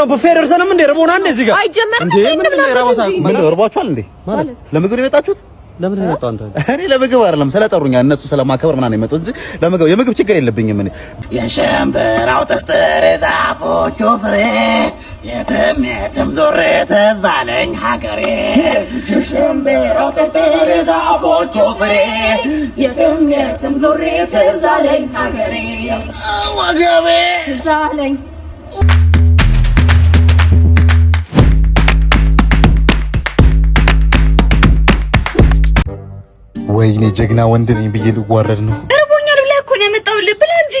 ነው? ቡፌ ደርሰንም እንዴ ረቦናል። እዚህ ጋር አይጀመርም እንዴ? ምን ነው ረቦሳ? ምን እርቧችኋል እንዴ? ማለት ለምግብ ነው የመጣችሁት? ለምን ነው አንተ? እኔ ለምግብ አይደለም ስለጠሩኛ እነሱ ስለማከበር ምናምን የመጣሁት እንጂ ለምግብ የምግብ ችግር የለብኝም። እኔ የሸምበራው ጥጥር የዛፎቹ ፍሬ የትም የትም ዞሬ ትዝ አለኝ ሀገሬ። የሸምበራው ጥጥር የዛፎቹ ፍሬ የትም የትም ዞሬ ትዝ አለኝ ሀገሬ ወገቤ ትዝ አለኝ ወይኔ ጀግና ወንድ ነኝ ብዬ ልዋረድ ነው። እርቦኛል ብለህ እኮ ነው የመጣሁልህ ብላ እንጂ።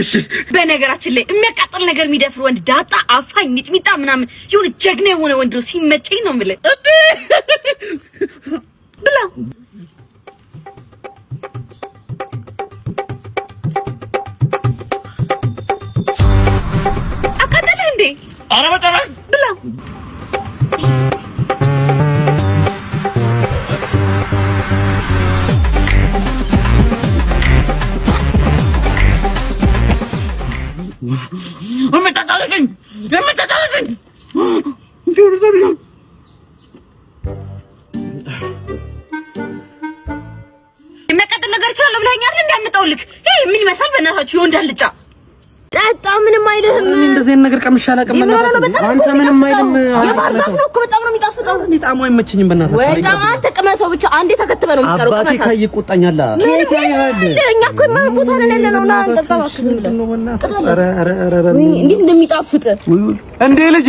እሺ። በነገራችን ላይ የሚያቃጥል ነገር የሚደፍር ወንድ ዳጣ፣ አፋኝ፣ ሚጥሚጣ ምናምን የሆነ ጀግና የሆነ ወንድ ነው ሲመቸኝ ነው የምልህ ብላ አቃጠለህ እንዴ? ኧረ የምታጣልቅኝ የምታጣልቅኝ የሚያቀጥል ነገር እችላለሁ ብለኸኛል። እንዲያምጠውልክ ይህ ምን ይመስል በእናታችሁ ይሆን ዳልጫ ጠጣ፣ ምንም አይልህም። እንደዚህ አይነት ነገር ቀምሼ አላውቅም። አንተ ምንም አይልም። የባህር ዛፍ ነው እኮ በጣም ነው የሚጣፍጠው። እኔ ጣዕሙ አይመችኝም። በእናትህ ወይ ቅመሰው ብቻ። አንዴ ተከትበህ ነው የሚቀረው። አባቴ እኛ እኮ ነን ያለ ነው። እንደሚጣፍጥ እንዴ ልጄ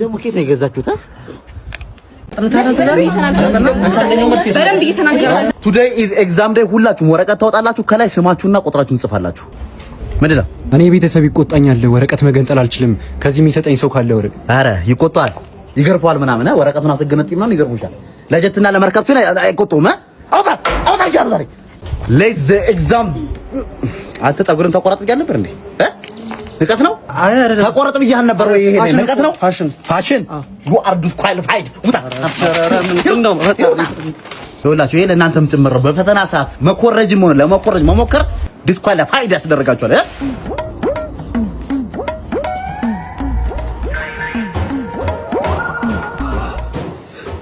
ደግሞ ኬት ነው የገዛችሁት? ኤግዛም ሁላችሁም ወረቀት ታወጣላችሁ። ከላይ ስማችሁና ቁጥራችሁን ጽፋላችሁ። ምንድን ነው እኔ ቤተሰብ ይቆጣኛል፣ ወረቀት መገንጠል አልችልም። ከዚህ የሚሰጠኝ ሰው ካለ ወረቀት አረ ይቆጣል፣ ይገርፏል፣ ምናምን ወረቀቱን ይገርፉሻል። ለጀትና ለመርከብ አይቆጡም። አውጣ አውጣ ዛሬ ሌት ዘ ኤግዛም አንተ ተቆራጥ ብያለሁ ነበር እንዴ? ንቀት ነው። ተቆረጥ ነበር ወይ? ይሄ ንቀት ነው። ፋሽን ፋሽን ዩ አር ውጣ ይኸውላችሁ፣ ይሄ ለእናንተም ጭምር በፈተና ሰዓት መኮረጅም ሆነ ለመኮረጅ መሞከር ዲስኳሊፋይድ ያስደርጋችኋል።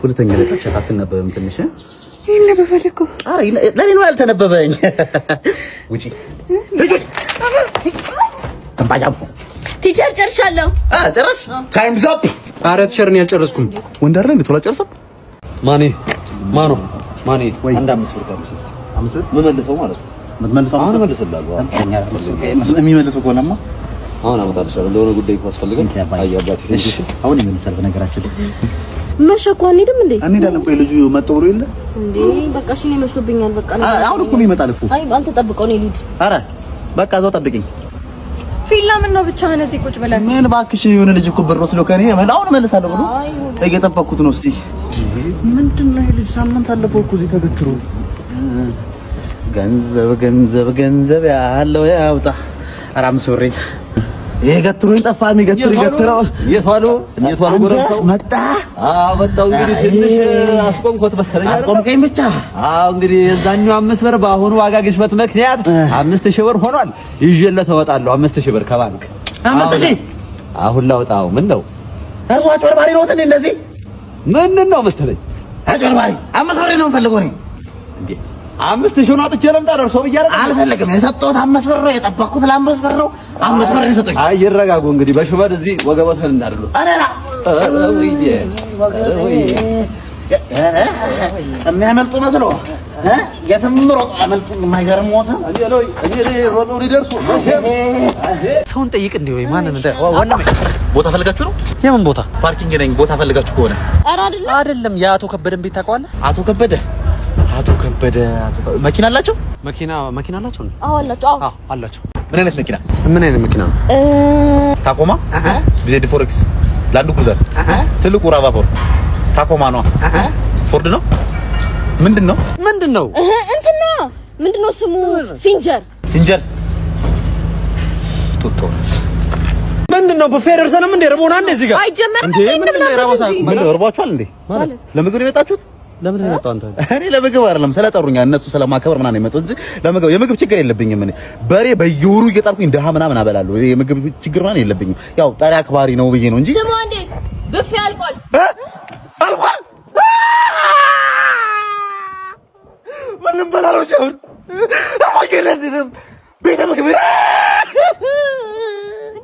ሁለተኛ አትነበብም ትንሽ ነው ያልተነበበኝ። ውጪ ቲቸር ጨርሻለሁ። ጨረስ? ታይም ዛፕ። አረ ቲቸር እኔ አልጨረስኩም። ወንድ አይደል እንዴ? ቶሎ አልጨረሰም። ማኔ ማኖ ማኔ አንድ አምስት ብር ካለሽ እስቲ አምስት ብር የምመልሰው ማለት ነው። የምትመልሰው አሁን እመልስልሃለሁ። የሚመልሰው ከሆነማ አሁን አመጣልሻለሁ። ለሆነ ጉዳይ እኮ አስፈልገን። አይ አሁን ይመልሳል። በነገራችን መሸ እኮ አንሄድም እንዴ? አንሄዳለን። ቆይ ልጁ መጥቶ ብሎ የለ እንዴ? በቃ እሺ፣ እኔ መሽቶብኛል። በቃ አሁን እኮ ነው ይመጣል እኮ። አይ አንተ ጠብቀው፣ እኔ ልሂድ። ኧረ በቃ እዛው ጠብቂኝ። ፊል ለምን ነው ብቻህን እዚህ ቁጭ ብለህ? ምን እባክሽ፣ የሆነ ልጅ እኮ ብር ወስዶ ከኔ አሁን እመልሳለሁ ብሎ እየጠበኩት ነው። እስቲ ምንድን ነው ልጅ ሳምንት አለፈው እኮ እዚህ ተገትሮ። ገንዘብ ገንዘብ ገንዘብ ያለው ያውጣ አራም ሶሪ የገትሩኝ ጠፋ። የሚገትሩ ይገትረው የቷሉ የቷሉ ጎረምሳው መጣ። አዎ መጣው። እንግዲህ ትንሽ አስቆምኩት መሰለኝ አስቆምከኝ ብቻ። አዎ እንግዲህ የዛኛው አምስት ብር በአሁኑ ዋጋ ግሽበት ምክንያት አምስት ሺህ ብር ሆኗል። ይዤለት እወጣለሁ። አምስት ሺህ ብር ከባንክ አምስት ሺህ አሁን ላውጣው። ምን ነው እሱ አጭበርባሪ ነው እንደዚህ። ምን ነው መሰለኝ አጭበርባሪ። አምስት ብር ነው የምፈልገው እኔ እንዴ አምስት ሺህ ነው አጥቼ ለምጣ ደርሶ ብያለሁ። አልፈልግም። የሰጠሁት አምስት ብር ነው የጠበኩት ለአምስት ብር ነው። አምስት ብር ነው የሰጠሁት። አይ ይረጋጉ እንግዲህ በሽመድ እዚህ ወገቦትን እንዳደሉ። አረራ የሚያመልጡ መስሎ የትም ሮጥ አመልጡ። የማይገርም ሞት ሮጡ ሊደርሱ ሰውን ጠይቅ እንዲ ወይ ማንን ቦታ ፈልጋችሁ ነው? የምን ቦታ? ፓርኪንግ ነኝ ቦታ ፈልጋችሁ ከሆነ አይደለም። የአቶ ከበደን ቤት ታውቀዋለህ? አቶ ከበደ አቶ ከበደ መኪና አላቸው። መኪና መኪና አላቸው። አዎ አላቸው። አዎ አላቸው። ምን አይነት መኪና? ምን አይነት መኪና ነው? ታኮማ ዜድ ፎርክስ፣ ላንድ ክሩዘር፣ ትልቁ ራቫፎር ታኮማ ነው። ፎርድ ነው። ምንድን ነው? ምንድን ነው? እንትን ነው። ምንድን ነው ስሙ? ሲንጀር ሲንጀር ጡጦች ምንድን ነው? ቡፌ ደርሰንም እንዴ? ርቦናል። እዚህ ጋር አይጀመርም እንዴ? ምን ነው? እርባችኋል እንዴ? ማለት ለምግብ የመጣችሁት ለምን መጣ አንተ? እኔ ለምግብ አይደለም ስለጠሩኛ እነሱ ስለማከበር ምናምን የመጣው እንጂ ለምግብ የምግብ ችግር የለብኝም። እኔ በሬ በየወሩ እየጠርኩኝ ደሃ ምናምን አበላለሁ። የምግብ ችግር ምናምን የለብኝም። ያው ጠሪ አክባሪ ነው ብዬ ነው እንጂ ስሙ እንዴ ብፌ አልቋል፣ አልቋል። ምንም በላለው ጀምር አቆየለንም ቤተ ምግብ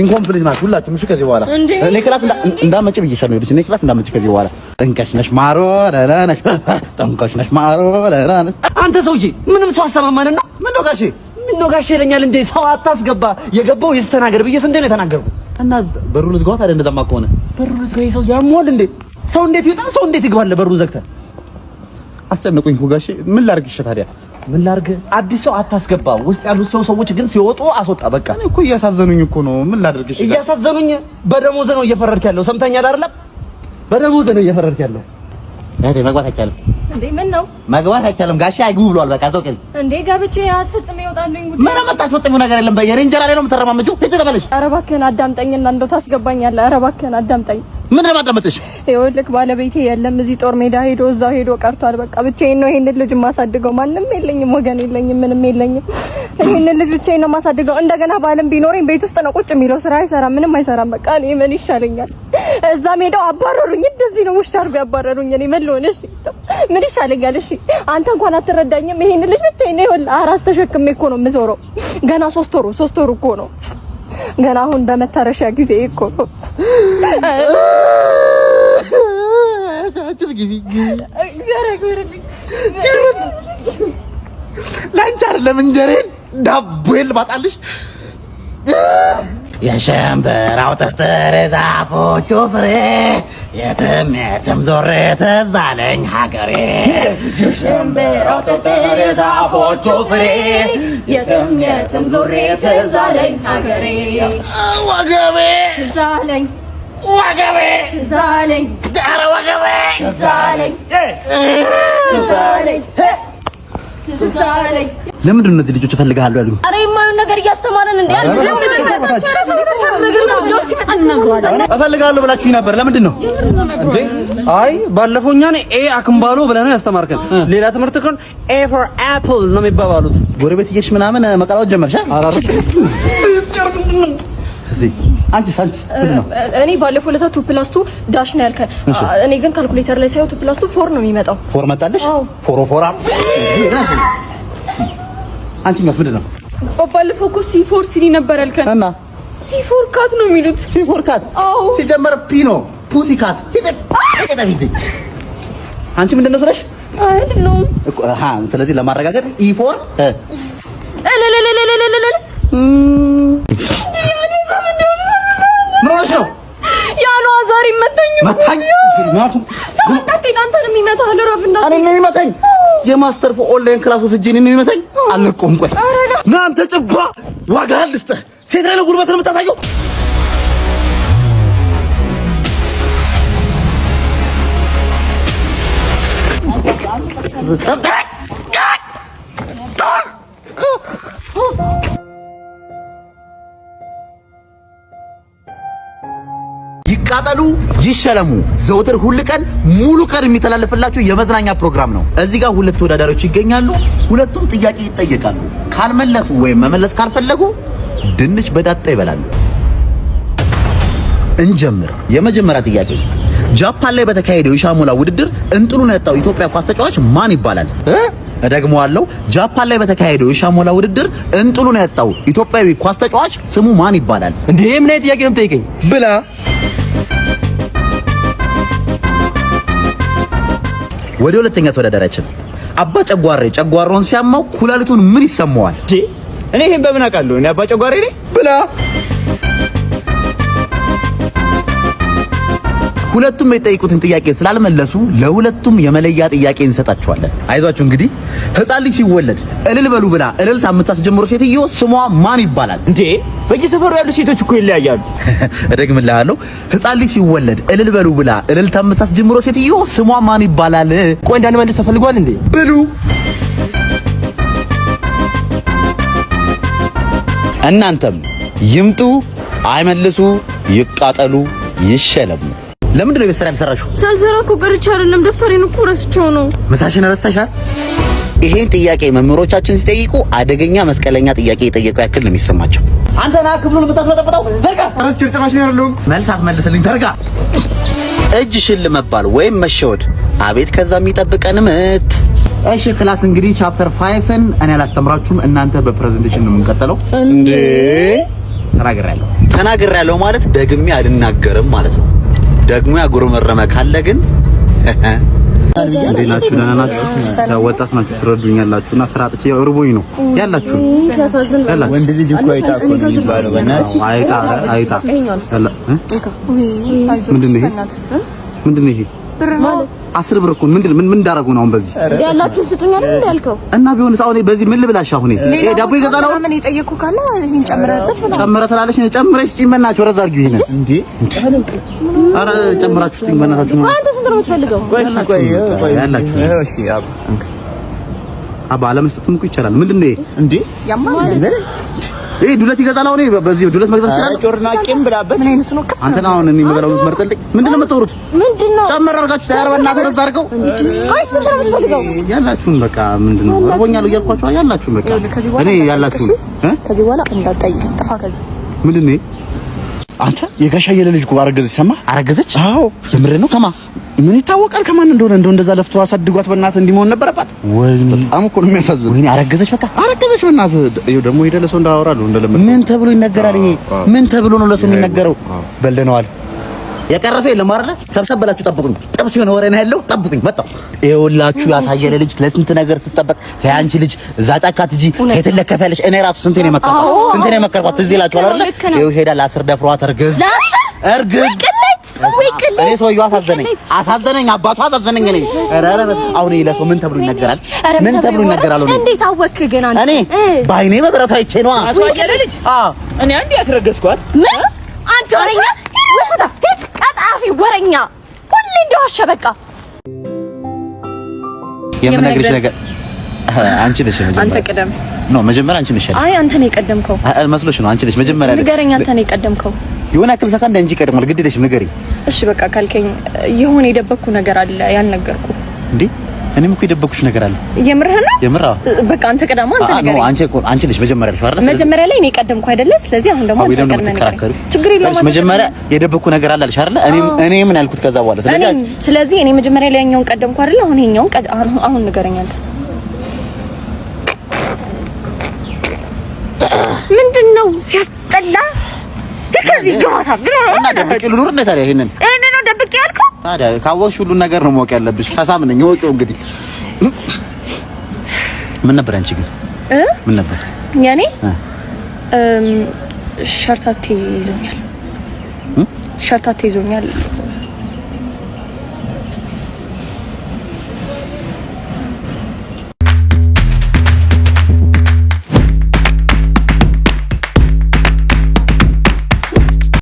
ኢንኮምፕሊት ናት። ሁላችሁም። እሺ ከዚህ በኋላ እኔ ክላስ እንዳመጭ ብዬሻለሁ። እኔ ክላስ እንዳመጭ ከዚህ በኋላ ጥንቀሽ ነሽ ማሮ ለላነሽ ጥንቀሽ ነሽ ማሮ ለላነሽ። አንተ ሰውዬ ምንም ሰው አሰማማንና ምን ነው ጋሼ ምን ነው ጋሼ ይለኛል እንዴ? ሰው አታስገባ፣ የገባው ይስተናገር ብዬሽ እንዴ ነው የተናገርኩት። እና በሩ ልዝጋው ታዲያ። እንደዛማ ከሆነ በሩ ልዝጋው። ሰው ያሟል እንዴ? ሰው እንዴት ይውጣ? ሰው እንዴት ይገባል? በሩን ዘግተህ አስጨነቁኝ እኮ ጋሼ። ምን ላድርግ? ታዲያ ምን ላድርግ? አዲስ ሰው አታስገባ። ውስጥ ያሉት ሰው ሰዎች ግን ሲወጡ አስወጣ። በቃ እኔ እኮ እያሳዘኑኝ እኮ ነው። ምን ላድርግ? እሺ፣ እያሳዘኑኝ በደሞዝ ነው እየፈረድክ ያለው። ሰምተኛል አይደለም? በደሞዝ ነው እየፈረድክ ያለው። እህቴ መግባት አይቻልም እንዴ? ምን ነው መግባት አይቻልም? ጋሼ አይግቡ ብሏል። በቃ አትወቅ እንዴ? ገብቼ አስፈጽሜ ይወጣሉኝ። ጉድ ምንም አታስፈጽሚው ነገር የለም። በየእኔ ላይ ነው የምትረማመጂው። ሂጅ ተባለሽ። ኧረ እባክህን አዳምጠኝና እንደው ታስገባኛለህ። ኧረ እባክህን አዳምጠኝ ምን ለማዳመጥሽ? ይኸውልህ ባለቤቴ የለም እዚህ ጦር ሜዳ ሄዶ እዛው ሄዶ ቀርቷል። በቃ ብቻዬን ነው ይሄንን ልጅ የማሳድገው። ማንም የለኝም፣ ወገን የለኝም፣ ምንም የለኝም። ይሄንን ልጅ ብቻዬን ነው የማሳድገው። እንደገና ባለም ቢኖረኝ ቤት ውስጥ ነው ቁጭ የሚለው፣ ስራ አይሰራም፣ ምንም አይሰራም። በቃ እኔ ምን ይሻለኛል? እዛ ሜዳው አባረሩኝ፣ እንደዚህ ነው ውሻ አድርጎ ያባረሩኝ። እኔ ምን ልሆን? እሺ ምን ይሻለኛል? እሺ አንተ እንኳን አትረዳኝም። ይሄንን ልጅ ብቻዬን ነው ይኸውልህ፣ አራስ ተሸክሜ እኮ ነው የምዞረው። ገና ሶስት ወሩ ሶስት ወሩ እኮ ነው ገና አሁን በመታረሻ ጊዜ እኮ ለአንቺ አይደለም እንጀሬን ዳቦዬን ልማጣልሽ የሸንበራው ጥፍጥር ዛፎቹ ፍሬ የትም የትም ዞሬ ትዝ ሀገሬ። የሸንበራው ጥፍጥር ዛፎቹ ፍሬ የትም የትም ዞሬ ትዝ ሀገሬ። ወገቤ ትዝ ወገቤ ትዝ ወገቤ ትዝ ለምንድን ነው እነዚህ ልጆች እፈልግሃለሁ ያሉኝ? ኧረ የማይሆን ነገር እያስተማረን እንዴ! እፈልግሃለሁ ብላችሁኝ ነበር። ለምንድን ነው እንዴ? አይ ባለፈው እኛን ኤ አክምባሎ ብለህ ነው ያስተማርከን። ሌላ ትምህርት ከሆነ ኤ ፎር አፕል ነው የሚባባሉት። ጎረቤት እየሽ ምናምን መቀላወት ጀመርሽ? አራራሽ አንቺስ አንቺስ እኔ ባለፈው ዕለት 2 ፕላስ 2 ዳሽ ነው ያልከ። እኔ ግን ካልኩሌተር ላይ ሳይው 2 ፕላስ 2 ፎር ነው የሚመጣው። ፎር መጣለሽ? ፎር ፎር አንቺኛስ ምንድን ነው? ባለፈው እኮ ሲፎር ሲኒ ነበር ያልከን እና ሲፎር ካት ነው የሚሉት። ሲፎር ካት? አዎ። ሲጀመር ፒ ነው ፑሲ ካት። አንቺ ምንድን ነው ስለሽ? አይደለሁም እኮ። ስለዚህ ለማረጋገጥ ኢ ምን ሆነሽ ነው? ያኗ ዛሬ መታኝ መታኝ ምክንያቱ የሚመታኝ። የማስተር ፎ ኦንላይን ክላስ ወስጄ ነው የሚመታኝ። አልለቀውም። ቆይ ና አንተ ጭባ፣ ዋጋህን ልስጥህ። ሴት ላይ ነው ጉልበትን የምታሳየው። ተቃጠሉ ይሸለሙ ዘውትር ሁል ቀን ሙሉ ቀን የሚተላለፍላችሁ የመዝናኛ ፕሮግራም ነው። እዚህ ጋር ሁለት ተወዳዳሪዎች ይገኛሉ። ሁለቱም ጥያቄ ይጠየቃሉ። ካልመለሱ ወይም መመለስ ካልፈለጉ ድንች በዳጣ ይበላሉ። እንጀምር። የመጀመሪያ ጥያቄ ጃፓን ላይ በተካሄደው የሻሞላ ውድድር እንጥሉን ያጣው ኢትዮጵያ ኳስ ተጫዋች ማን ይባላል? እደግመዋለሁ። ጃፓን ላይ በተካሄደው የሻሞላ ውድድር እንጥሉን ያጣው ኢትዮጵያዊ ኳስ ተጫዋች ስሙ ማን ይባላል? እንዴ ምን አይነት ጥያቄ ነው የምጠይቀኝ? ብላ ወደ ሁለተኛ ተወዳዳሪያችን አባ ጨጓሬ ጨጓሮን ሲያማው ኩላሊቱን ምን ይሰማዋል? እኔ ይሄን በምን አውቃለሁ? እኔ አባ ጨጓሬ ነኝ ብላ ሁለቱም የጠይቁትን ጥያቄ ስላልመለሱ ለሁለቱም የመለያ ጥያቄ እንሰጣቸዋለን። አይዟችሁ እንግዲህ ህፃን ልጅ ሲወለድ እልል በሉ ብላ እልልታ የምታስጀምረው ሴትዮ ስሟ ማን ይባላል? እንዴ በየሰፈሩ ያሉ ሴቶች እኮ ይለያያሉ። እደግምልሃለሁ። ህፃን ልጅ ሲወለድ እልል በሉ ብላ እልልታ የምታስጀምረው ሴትዮ ስሟ ማን ይባላል? ቆይ እንዳንመልስ ተፈልጓል እንዴ ብሉ እናንተም ይምጡ አይመልሱ፣ ይቃጠሉ፣ ይሸለሙ። ለምንድን ነው ቤት ስራ የሚሰራሽው? ሳልሰራ እኮ ቀርቼ አይደለም፣ ደብተሬን እኮ ረስቼው ነው። ምሳሽን ረስተሻል? ይሄን ጥያቄ መምህሮቻችን ሲጠይቁ አደገኛ መስቀለኛ ጥያቄ የጠየቁ ያክል ነው የሚሰማቸው። አንተ ና ክፍሉን የምታስመጠብጠው ዘርጋ። ራስ ጭርጭራሽ ነው ያለው። መልስ አትመልስልኝ፣ ዘርጋ። እጅ ሽል መባል ወይም መሸወድ፣ አቤት ከዛ የሚጠብቀን ምት። እሺ ክላስ እንግዲህ ቻፕተር 5ን እኔ አላስተምራችሁም፣ እናንተ በፕሬዘንቴሽን ነው የምንቀጥለው። እንዴ ተናግሬያለሁ። ተናግሬያለሁ ማለት ደግሜ አልናገርም ማለት ነው። ደግሞ ያጉረመረመ ካለ ግን እንዴት ናችሁ? ደህና ናችሁ? ወጣት ናችሁ፣ ትረዱኛላችሁ እና ስራ አጥቼ እርቦኝ ነው ያላችሁ። ወንድ ልጅ እኮ አይጣ እኮ ነው የሚባለው። አይጣ አይጣ ምንድን ነው ይሄ? ብር ማለት አስር ብር እኮ ምንድን ምን እንዳደረጉ ነው? አሁን በዚህ ያላችሁን ስጡኝ አይደል ያልከው እና ቢሆንስ አሁን በዚህ ምን ልብላሽ? አሁን ይሄ ዳቦ ይገዛ ነው ምን የጠየኩ ካለ ይሄን ጨምረህበት ብላ ጨምረህ ትላለች ነው ጨምረሽ ስጪኝ፣ በእናትሽ ወረዛ አድርጊው። ይሄን እንዴ አረ ጨምራችሁ ስጪኝ በእናታችሁ ነው። አንተ ስንት ነው የምትፈልገው? ያላችሁ እሺ አባ አባ አለመስጠትም እኮ ይቻላል። ምንድን ነው ይሄ እንዴ ያማ ይሄ ዱለት ይገዛል። አሁን በዚህ ዱለት መግዛት ይችላል። ጮርናቄም ብላበት ምን አይነት ነው? አንተና አሁን እኔ የምበላው መርጠልኝ። ምንድነው የምትወሩት? ምንድነው ጨመር አድርጋችሁ ሳያርበና ተረዝ አድርገው ቆይ፣ ስንት ነው የምትፈልገው? ያላችሁን በቃ ምንድነው አርቦኛል እያልኳችሁ ያላችሁን በቃ እኔ ያላችሁን ከዚህ በኋላ እንዳትጠይቅ ጥፋ። ከዚህ ምንድነው አንተ የጋሻዬ ልጅ እኮ አረገዘች። ሰማህ? አረገዘች? አዎ። የምር ነው። ከማ ምን ይታወቃል? ከማን እንደሆነ እንደው እንደዛ ለፍቶ አሳድጓት በእናትህ እንዲመሆን ነበረባት። ወይኔ በጣም እኮ ነው የሚያሳዝነው። ወይኔ አረገዘች፣ በቃ አረገዘች። በእናትህ ይኸው ደግሞ ሄደህ ለሰው እንዳወራለሁ እንደለመድኩ ምን ተብሎ ይነገራል? ይሄ ምን ተብሎ ነው ለሰው የሚነገረው? በልደነዋል የቀረሰው የለም አይደለ? ሰብሰብ ብላችሁ ጠብቁኝ። ጥብስ የሆነ ወሬ ነው ያለው። ጠብቁኝ፣ መጣሁ። ይኸውላችሁ ያታየለ ልጅ ለስንት ነገር ስትጠበቅ ያንቺ ልጅ እዛ ጫካት እጂ ከተለከፈ ያለሽ እኔ ራሱ ስንቴ ነው የመከርኳት፣ ስንቴ ነው የመከርኳት። ትዝ ይላችኋል አይደለ? ይኸው ሄዳ ለአስር ደፍሯት። እርግዝ እርግዝ እኔ ሰውዬው አሳዘነኝ፣ አሳዘነኝ፣ አባቱ አሳዘነኝ። እኔ ኧረ ኧረ አሁን ለሰው ምን ተብሎ ይነገራል? ምን ተብሎ ይነገራል? እንዴት አወክ ግን? አንተ እኔ በዓይኔ በብረቱ አይቼ ነዋ። እኔ አንዴ ያስረገዝኳት አንተ ወሬኛ አትረባፊ ወረኛ ሁሌ እንደዋሸ በቃ የምነግርሽ ነገር አንቺ ነሽ። አንተ ቅደም ኖ መጀመሪያ አንቺ ነሽ። አይ አንተ ነው የቀደምከው መስሎሽ ነው። አንቺ ነሽ መጀመሪያ። ንገረኝ፣ አንተ ነው የቀደምከው። የሆነ አክል ሰከንድ እንጂ ቀድሟል። ግድ የለሽም ንገሪኝ። እሺ በቃ ካልከኝ፣ የሆነ የደበቅኩ ነገር አለ ያልነገርኩ እንዴ እኔም እኮ የደበኩሽ ነገር አለ። የምርህ ነው? የምራ በቃ አንተ ቀዳማ አንተ ነገር አንቺ እኮ አንቺ ልጅ መጀመሪያ ልጅ አይደል? መጀመሪያ ላይ እኔ ቀደምኩ አይደለ? ስለዚህ አሁን ደግሞ አንተ ቀደም ተከራከሩ። ችግር የለውም። መጀመሪያ የደበኩ ነገር አለ አለሽ አይደል? እኔ እኔ ምን ያልኩት ከዛ በኋላ ስለዚህ ስለዚህ እኔ መጀመሪያ ላይ ያኛውን ቀደምኩ አይደለ? አሁን ይሄኛውን አሁን ንገረኝ አንተ ምንድን ነው ሲያስጠላ ከዚህ ግባታ ግራ እና ደብቄ ልኑር እንደ ታዲያ ይሄንን ታዲያ ካወቅሽ ሁሉን ነገር ነው ማወቅ ያለብሽ። ፈሳም ነኝ ወቂው እንግዲህ ምን ነበር አንቺ ግን ምን ነበር ያኔ እም ሸርታቴ ይዞኛል፣ ሸርታቴ ይዞኛል